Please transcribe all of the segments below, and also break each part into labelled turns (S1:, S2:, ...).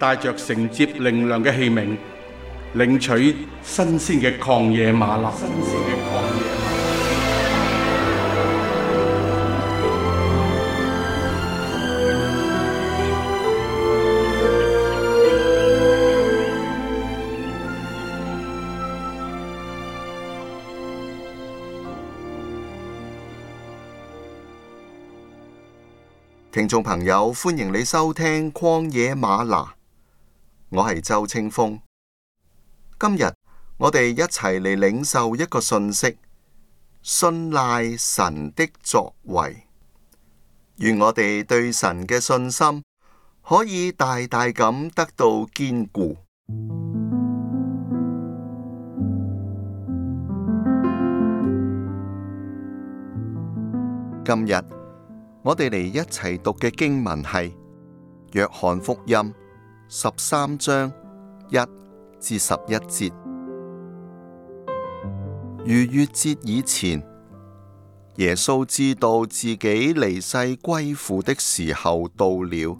S1: 帶着承接靈糧嘅器皿，領取新鮮嘅曠野嗎哪。聽眾朋友，歡迎你收聽曠野嗎哪。我係周清風，今日我哋一齊嚟領受一個信息，信賴神的作為，願我哋對神嘅信心可以大大咁得到堅固。今日我哋嚟一齊讀嘅經文係約翰福音。十三章一至十一節，逾越節以前，耶穌知道自己離世歸父的時候到了。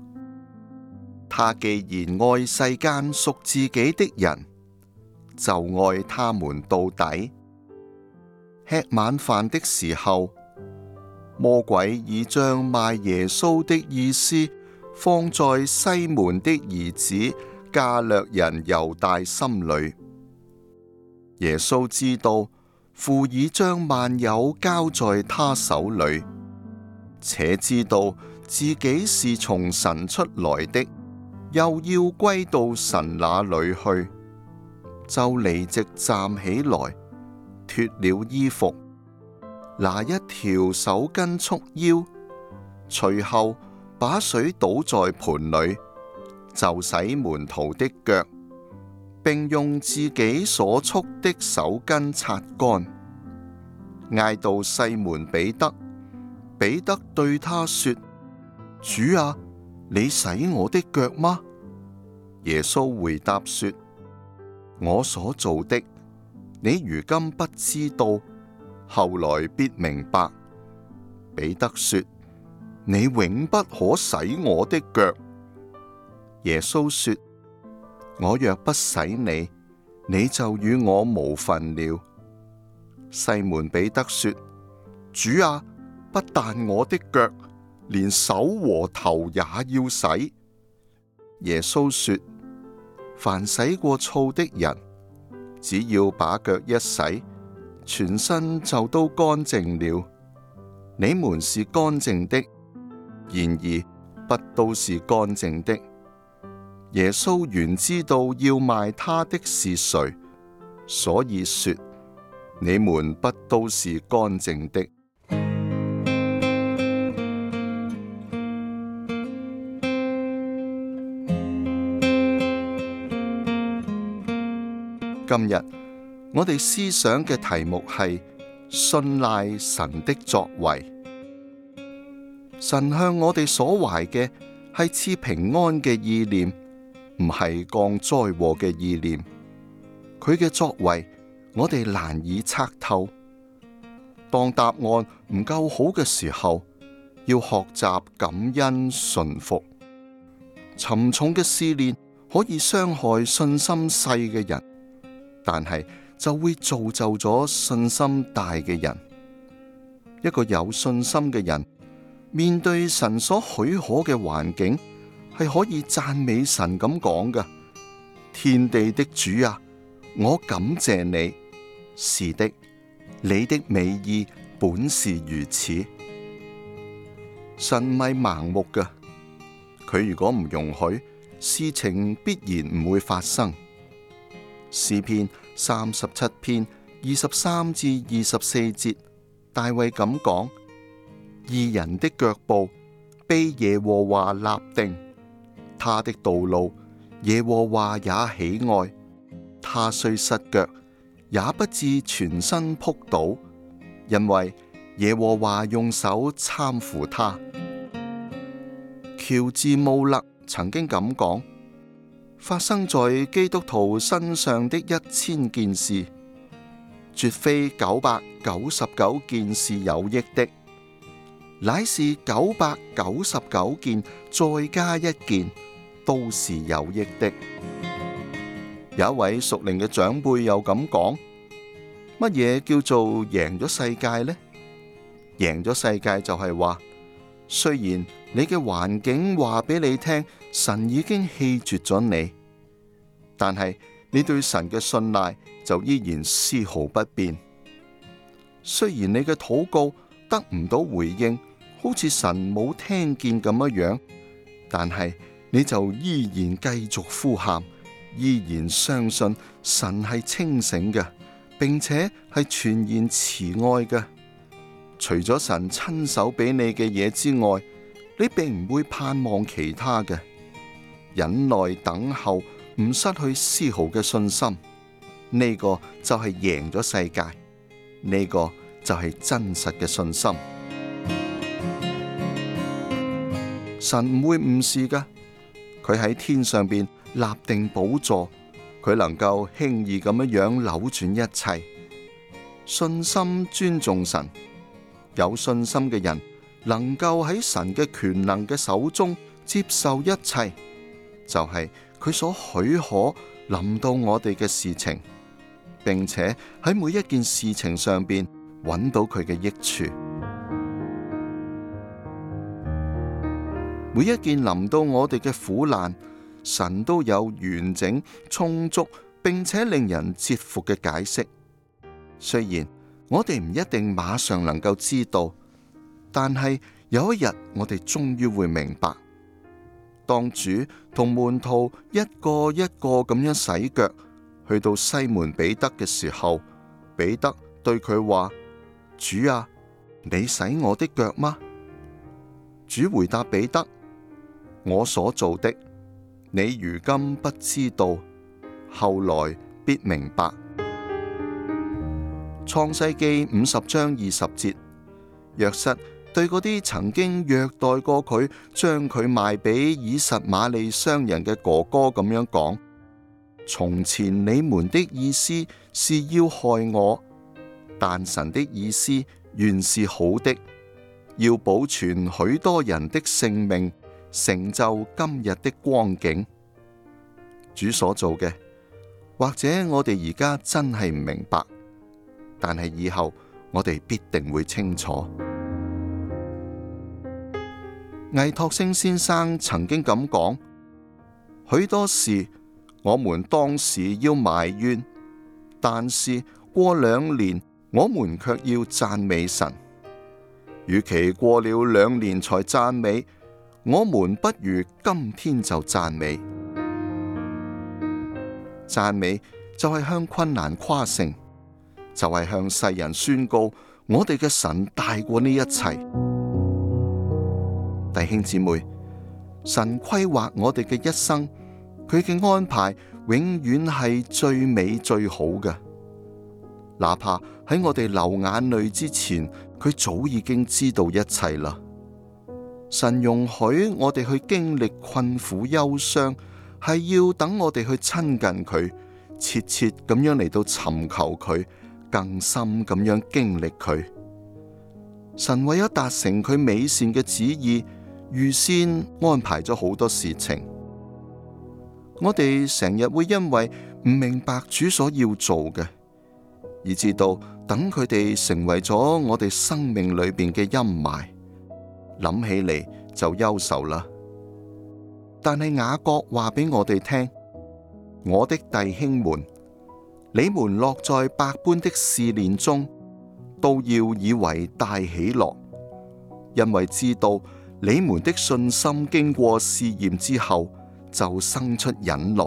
S1: 他既然愛世間屬自己的人，就愛他們到底。吃晚飯的時候，魔鬼已將賣耶穌的意思。放在西門的兒子加略人猶大心裏。耶穌知道父已將萬有交在他手裏，且知道自己是從神出來的，又要歸到神那裏去，就離席站起來，脱了衣服，拿一條手巾束腰，隨後。把水倒在盆裏，就洗門徒的腳，並用自己所束的手巾擦乾。挨到西門彼得，彼得對他說：主啊，你洗我的腳嗎？耶穌回答說：我所做的，你如今不知道，後來必明白。彼得說。你永不可洗我的腳。耶穌說：我若不洗你，你就與我無份了。西門彼得說：主啊，不但我的腳，連手和頭也要洗。耶穌說：凡洗過澡的人，只要把腳一洗，全身就都乾淨了。你們是乾淨的。然而，不都是乾淨的。耶穌原知道要賣他的是誰，所以說你們不都是乾淨的。今日我哋思想嘅題目係信賴神的作為。神向我哋所懷嘅係賜平安嘅意念，唔係降災禍嘅意念。佢嘅作為，我哋難以測透。當答案唔夠好嘅時候，要學習感恩順服。沉重嘅試煉可以傷害信心細嘅人，但係就會造就咗信心大嘅人。一個有信心嘅人。面對神所許可嘅環境，係可以讚美神咁講嘅。天地的主啊，我感謝你。是的，你的美意本是如此。神唔係盲目嘅，佢如果唔容許，事情必然唔會發生。詩篇三十七篇二十三至二十四節，大衛咁講。義人的腳步被耶和華立定，他的道路，耶和華也喜愛他。雖失腳，也不至全身仆倒，因為耶和華用手攙扶他。喬治·穆勒曾經咁講：發生在基督徒身上的一千件事，絕非九百九十九件事有益的。乃是九百九十九件，再加一件，都是有益的。有一位屬靈嘅長輩又咁講：「乜嘢叫做贏咗世界呢？贏咗世界就係話，雖然你嘅環境話俾你聽，神已經棄絕咗你，但係你對神嘅信賴就依然絲毫不變。雖然你嘅禱告得唔到回應。好似神冇聽見咁樣，但係你就依然繼續呼喊，依然相信神係清醒嘅，並且係全然慈愛嘅。除咗神親手俾你嘅嘢之外，你並唔會盼望其他嘅。忍耐等候，唔失去絲毫嘅信心，呢、這個就係贏咗世界，呢、這個就係真實嘅信心。神唔會誤事噶，佢喺天上邊立定寶座，佢能夠輕易咁樣扭轉一切。信心尊重神，有信心嘅人能夠喺神嘅權能嘅手中接受一切，就係、是、佢所許可臨到我哋嘅事情，並且喺每一件事情上邊揾到佢嘅益處。每一件臨到我哋嘅苦難，神都有完整、充足並且令人折服嘅解釋。雖然我哋唔一定馬上能夠知道，但係有一日我哋終於會明白。當主同門徒一個一個咁樣洗腳，去到西門彼得嘅時候，彼得對佢話：主啊，你洗我的腳嗎？主回答彼得。我所做的，你如今不知道，後來必明白。創世記五十章二十節，約瑟對嗰啲曾經虐待過佢，將佢賣俾以實瑪利商人嘅哥哥咁樣講：從前你們的意思是要害我，但神的意思原是好的，要保存許多人的性命。成就今日的光景，主所做嘅，或者我哋而家真係唔明白，但係以後我哋必定會清楚。 魏托星先生曾經咁講：許多事我們當時要埋怨，但是過兩年我們卻要讚美神。與其過了兩年才讚美，我們不如今天就讚美，讚美就係向困難誇勝，就係、是、向世人宣告，我哋嘅神大過呢一切。弟兄姊妹，神規劃我哋嘅一生，佢嘅安排永遠係最美最好嘅，哪怕喺我哋流眼淚之前，佢早已經知道一切啦。神容許我哋去經歷困苦憂傷、憂傷，係要等我哋去親近佢，切切咁樣嚟到尋求佢，更深咁樣經歷佢。神為咗達成佢美善嘅旨意，預先安排咗好多事情。我哋成日會因為唔明白主所要做嘅，以至到等佢哋成為咗我哋生命裏邊嘅陰霾。諗起嚟就憂愁啦。但係雅各話俾我哋聽，我的弟兄們，你們落在百般的試煉中，都要以為大喜樂，因為知道你們的信心經過試驗之後，就生出忍耐。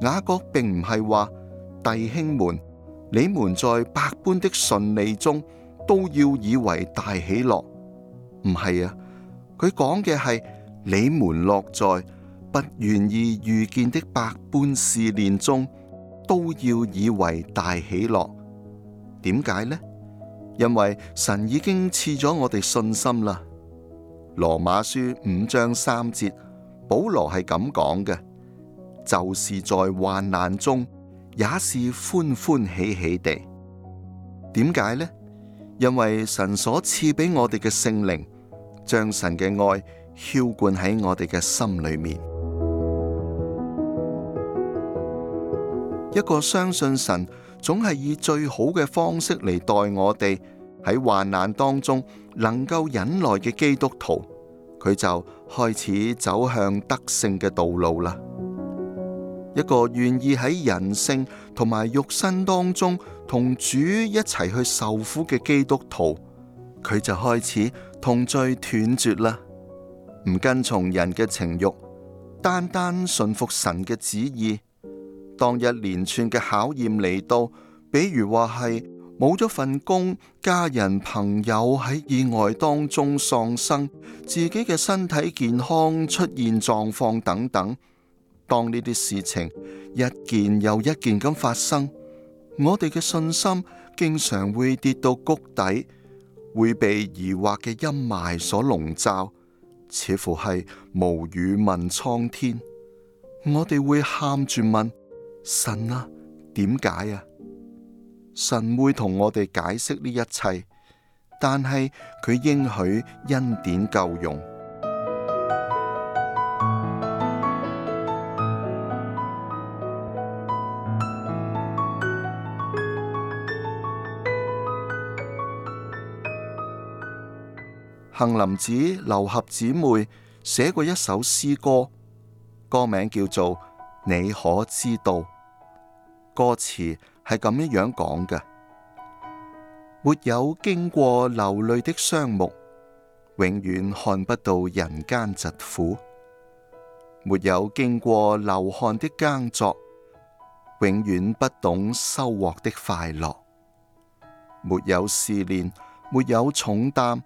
S1: 雅各並唔係話弟兄們，你們在百般的順利中，都要以為大喜樂。唔係啊，佢講嘅係你們落在不願意遇見的百般試煉中，都要以為大喜樂。點解呢？因為神已經賜咗我哋信心啦。羅馬書五章三節，保羅係咁講嘅，就是在患難中，也是歡歡喜喜的。點解呢？因為神所賜俾我哋嘅聖靈。將神嘅愛澆灌喺我哋嘅心裏面，一個相信神總係以最好嘅方式嚟待我哋，喺患難當中能夠忍耐嘅基督徒，佢就開始走向得勝嘅道路啦。一個願意喺人性同埋肉身當中同主一齊去受苦嘅基督徒。佢就開始同罪斷絕啦，唔跟從人嘅情欲，單單信服神嘅旨意。當一連串嘅考驗嚟到，比如話係冇咗份工，家人朋友喺意外當中喪生，自己嘅身體健康出現狀況等等，當呢啲事情一件又一件咁發生，我哋嘅信心經常會跌到谷底。會被疑惑嘅陰霾所籠罩，似乎係無語問蒼天。我哋會喊住問神啊，點解啊？神會同我哋解釋呢一切，但係佢應許恩典夠用。杏林子、劉俠姊妹寫過一首詩歌，歌名叫做《你可知道》。歌詞係咁一樣講嘅：沒有經過流淚的雙目，永遠看不到人間疾苦；沒有經過流汗的耕作，永遠不懂收穫的快樂；沒有試煉，沒有重擔。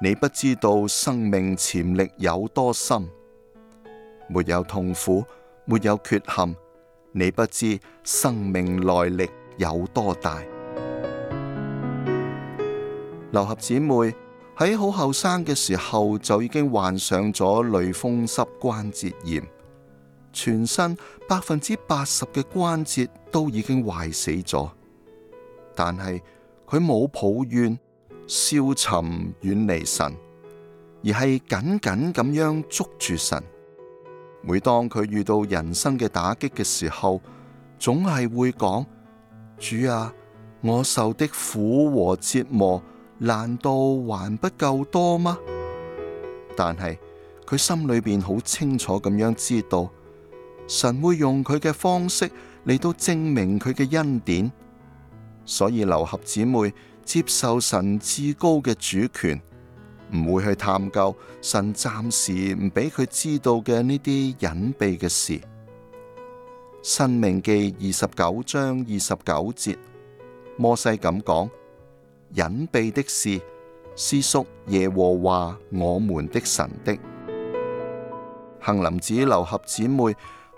S1: 你不知道生命潛力有多深，沒有痛苦，沒有缺陷，你不知生命耐力有多大。劉俠姊妹喺好後生嘅時候就已經患上咗類風濕關節炎，全身百分之八十嘅關節都已經壞死咗，但係佢冇抱怨。消沉遠離神，而係緊緊咁樣捉住神。每當佢遇到人生嘅打擊嘅時候，總係會講：主啊，我受的苦和折磨，難道還不夠多嗎？但係佢心裏邊好清楚咁樣知道，神會用佢嘅方式嚟到證明佢嘅恩典。所以劉合姊妹。接受神至高嘅主權，唔會去探究神暫時唔俾佢知道嘅呢啲隱秘嘅事。申命記二十九章二十九節，摩西咁講：隱秘的事，是屬耶和華我們的神的。杏林子、劉俠姊妹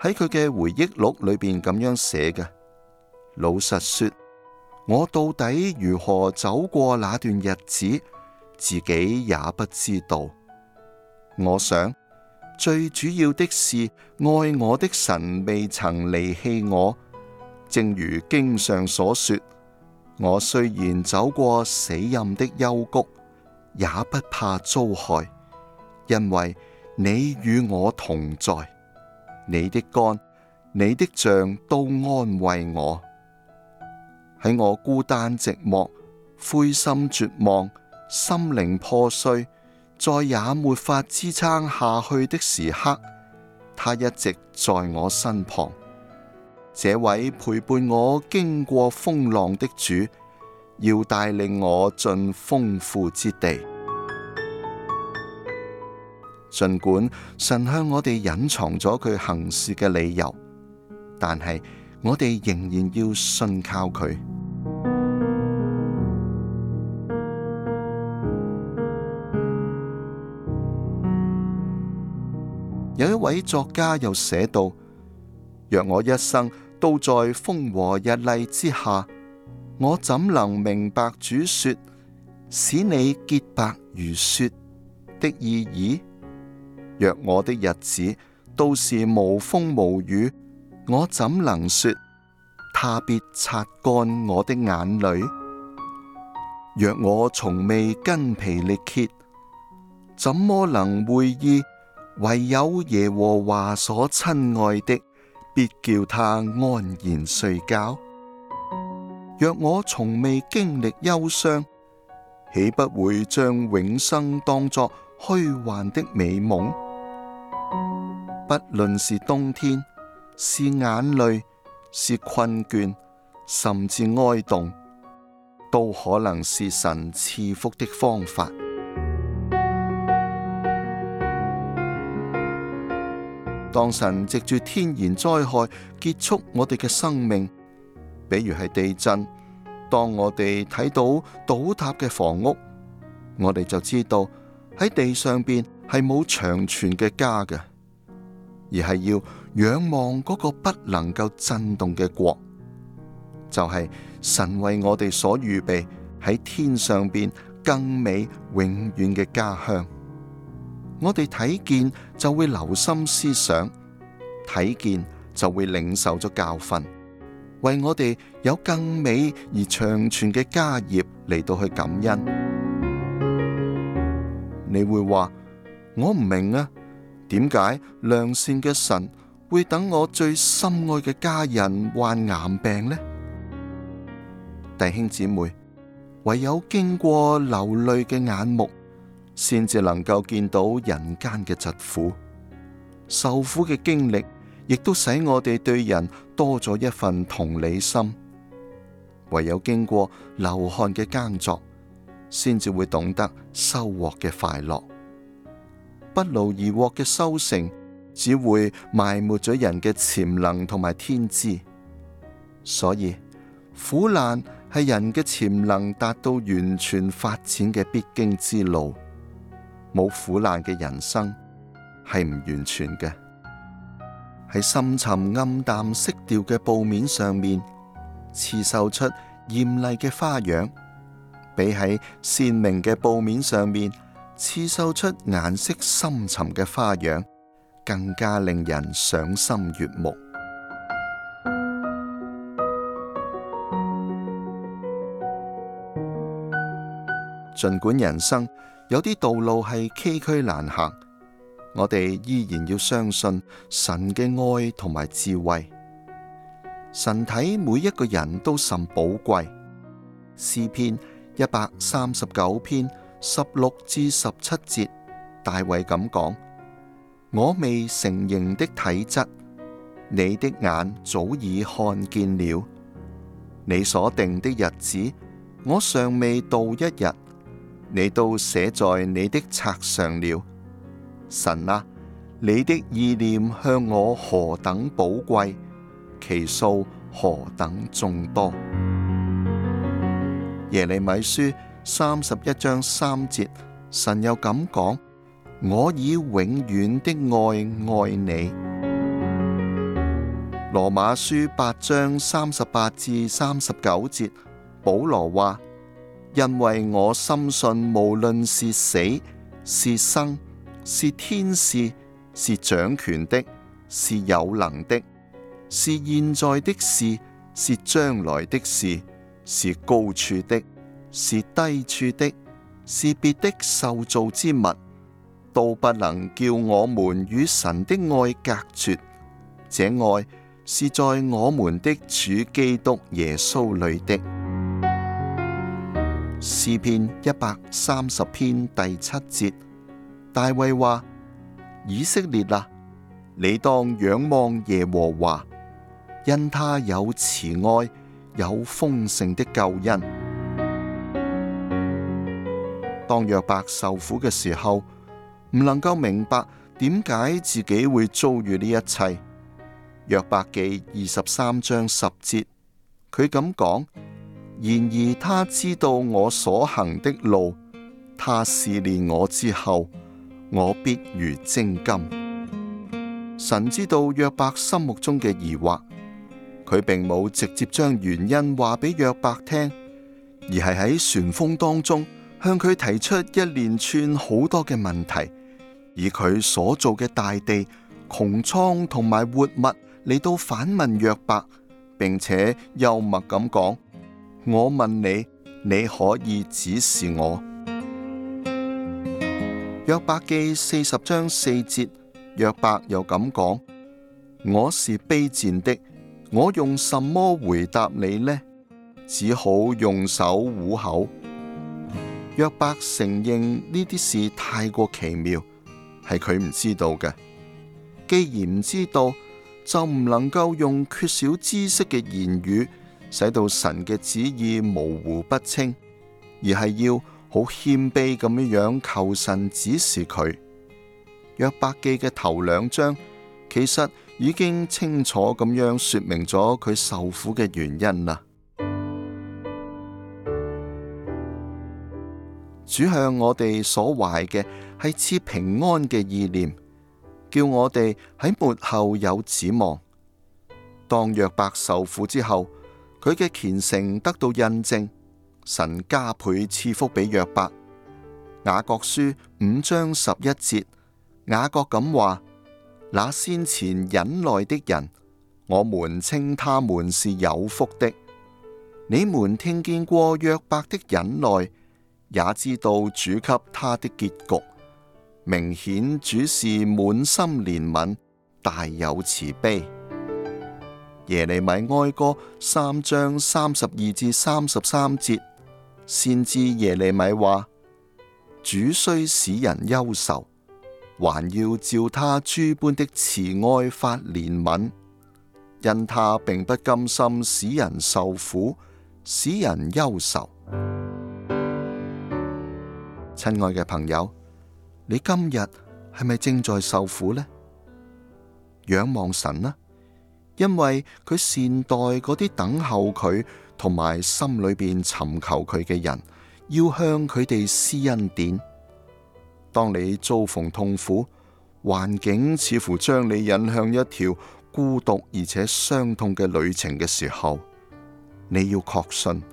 S1: 喺佢嘅回憶錄裏邊咁樣寫嘅，老實說。我到底如何走過那段日子，自己也不知道。我想最主要的是，愛我的神未曾離棄我。正如經上所說，我雖然走過死蔭的幽谷，也不怕遭害，因為你與我同在。你的竿，你的杖都安慰我。喺我孤單、寂寞、灰心、絕望、心靈破碎，再也沒法支撐下去的時刻，他一直在我身旁。這位陪伴我經過風浪的主，要帶領我進豐富之地。盡管神向我哋隱藏咗佢行事嘅理由，但係，我哋仍然要信靠佢。有一位作家又寫道：「若我一生都在風和日麗之下，我怎能明白主說使你潔白如雪的意義？若我的日子都是無風無雨。我怎能說他必擦乾我的眼淚？若我從未筋疲力竭，怎麼能會意？唯有耶和華所親愛的，必叫他安然睡覺。若我從未經歷憂傷，豈不會將永生當作虛幻的美夢？不論是冬天。是眼淚，是困倦，甚至哀慟，都可能是神賜福的方法。當神藉住天然災害結束我哋嘅生命，比如係地震，當我哋睇到倒塌嘅房屋，我哋就知道喺地上邊係冇長存嘅家嘅，而係要。仰望嗰個不能夠震動嘅國，就係神為我哋所預備喺天上邊更美永遠嘅家鄉。我哋睇見就會留心思想，睇見就會領受咗教訓，為我哋有更美而長存嘅家業嚟到去感恩。你會話我唔明啊？點解亮線嘅神？會等我最心愛嘅家人患癌病呢？弟兄姊妹，唯有經過流淚嘅眼目，先至能夠見到人間嘅疾苦。受苦嘅經歷，亦都使我哋對人多咗一份同理心。唯有經過流汗嘅耕作，先至會懂得收穫嘅快樂。不勞而獲嘅收成。只會埋沒咗人嘅潛能同埋天資，所以苦難係人嘅潛能達到完全發展嘅必經之路。冇苦難嘅人生係唔完全嘅，喺深沉暗淡色調嘅布面上面刺繡出艷麗嘅花樣，比喺鮮明嘅布面上面刺繡出顏色深沉嘅花樣，更加令人賞心悅目。儘管人生有啲道路係崎嶇難行，我哋依然要相信神嘅愛同埋智慧。神睇每一個人都甚寶貴。詩篇一百三十九篇十六至十七節，大衛咁講。我未成形的體質，你的眼早已看見了；你所定的日子，我尚未到一日，你都寫在你的冊上了。神啊，你的意念向我何等寶貴，其數何等眾多。耶利米書三十一章三節，神又咁講。我以永遠的愛愛你。羅馬書八章三十八至三十九節，保羅話：因為我深信，無論是死是生，是天使是掌權的，是有能的，是現在的事是將來的事，是高處的，是低處的，是別的受造之物。都不能叫我們與神的愛隔絕，這愛是在我們的主基督耶穌裏的。詩篇一百三十篇第七節，大衛話：以色列啊，你當仰望耶和華，因他有慈愛，有豐盛的救恩。當約伯受苦嘅時候，唔能夠明白點解自己會遭遇呢一切。約伯記二十三章十節，佢咁講：然而他知道我所行的路，他試煉我之後，我必如精金。神知道約伯心目中嘅疑惑，佢並冇直接將原因話俾約伯聽，而係喺旋風當中向佢提出一連串好多嘅問題。以佢所做嘅大地、穹蒼同埋活物嚟到反問約伯，並且幽默咁講：我問你，你可以指示我？約伯記四十章四節，約伯又咁講：我是卑賤的，我用什麼回答你呢？只好用手捂口。約伯承認呢啲事太過奇妙。係佢唔知道嘅。既然唔知道，就唔能夠用缺少知識嘅言語使到神嘅旨意模糊不清，而係要好謙卑咁樣樣求神指示佢。約伯記嘅頭兩章其實已經清楚咁樣說明咗佢受苦嘅原因啦。主向我哋所懷嘅。係賜平安嘅意念，叫我哋喺末後有指望。當約伯受苦之後，佢嘅虔誠得到印證，神加倍賜福俾約伯。雅各書五章十一節，雅各咁話：那先前忍耐的人，我們稱他們是有福的。你們聽見過約伯的忍耐，也知道主給他的結局。明顯主是滿心憐憫，大有慈悲。耶利米哀歌三章三十二至三十三節，先知耶利米話：主雖使人憂愁，還要照他諸般的慈愛發憐憫，因他並不甘心使人受苦，使人憂愁。親愛嘅朋友。你今日係咪正在受苦呢？仰望神啦，啊，因為佢善待嗰啲等候佢同埋心裏邊尋求佢嘅人，要向佢哋施恩典。當你遭逢痛苦，環境似乎將你引向一條孤獨而且傷痛嘅旅程嘅時候，你要確信，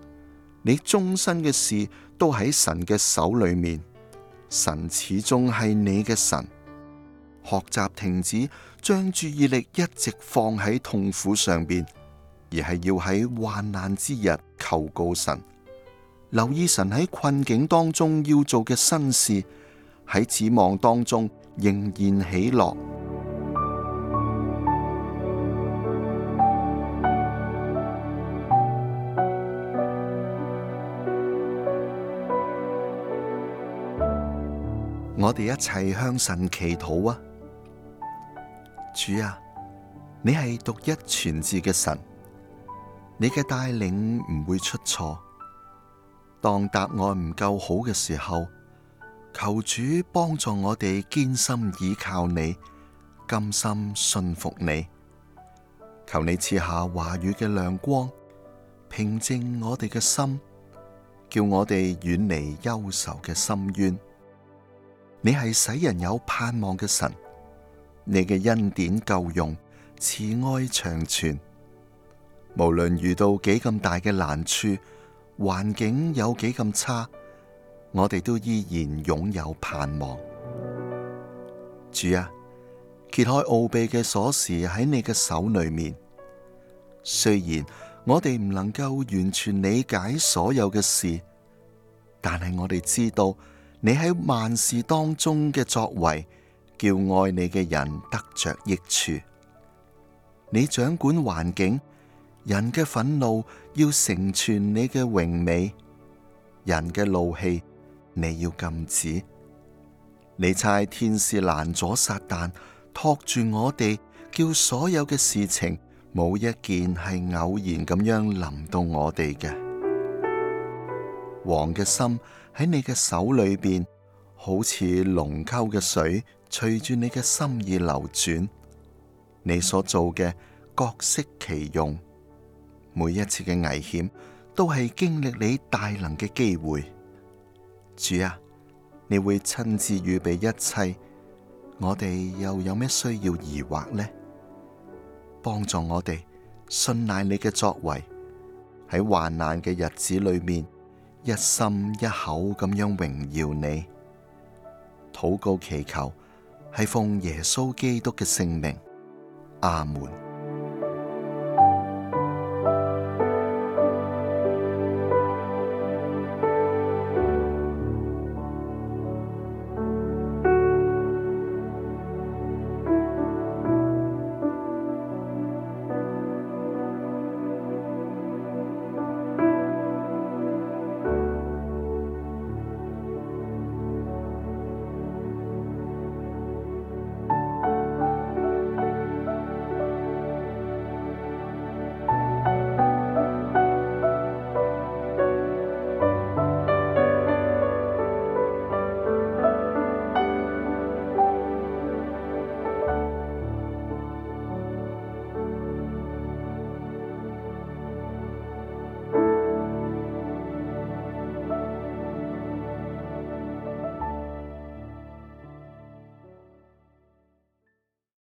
S1: 你終身嘅事都喺神嘅手裏面。神始終係你嘅神，學習停止，將注意力一直放喺痛苦上邊，而係要喺患難之日求告神，留意神喺困境當中要做嘅新事，喺指望當中仍然喜樂。我哋一齊向神祈禱啊！主啊，你係獨一全智嘅神，你嘅帶領唔會出錯。當答案唔夠好嘅時候，求主幫助我哋，堅心倚靠你，甘心信服你。求你賜下話語嘅亮光，平靜我哋嘅心，叫我哋遠離憂愁嘅深淵。你係使人有盼望嘅神，你嘅恩典夠用，慈愛長存。無論遇到幾咁大嘅難處，環境有幾咁差，我哋都依然擁有盼望。主啊，揭開奧秘嘅鎖匙喺你嘅手裏面。雖然我哋唔能夠完全理解所有嘅事，但係我哋知道。你喺萬事當中嘅作為，叫愛你嘅人得着益處。你掌管環境，人嘅憤怒要成全你嘅榮美，人嘅怒氣你要禁止。你猜天使攔阻撒但，托住我哋，叫所有嘅事情冇一件係偶然咁樣臨到我哋嘅。王嘅心喺你嘅手裏邊，好似隴溝嘅水，隨住你嘅心意流轉。你所做嘅各適其用，每一次嘅危險都係經歷你大能嘅機會。主啊，你會親自預備一切，我哋又有咩需要疑惑呢？幫助我哋信賴你嘅作為，喺患難嘅日子裏面，一心一口咁樣榮耀你，禱告祈求，係奉耶穌基督嘅聖名，阿門。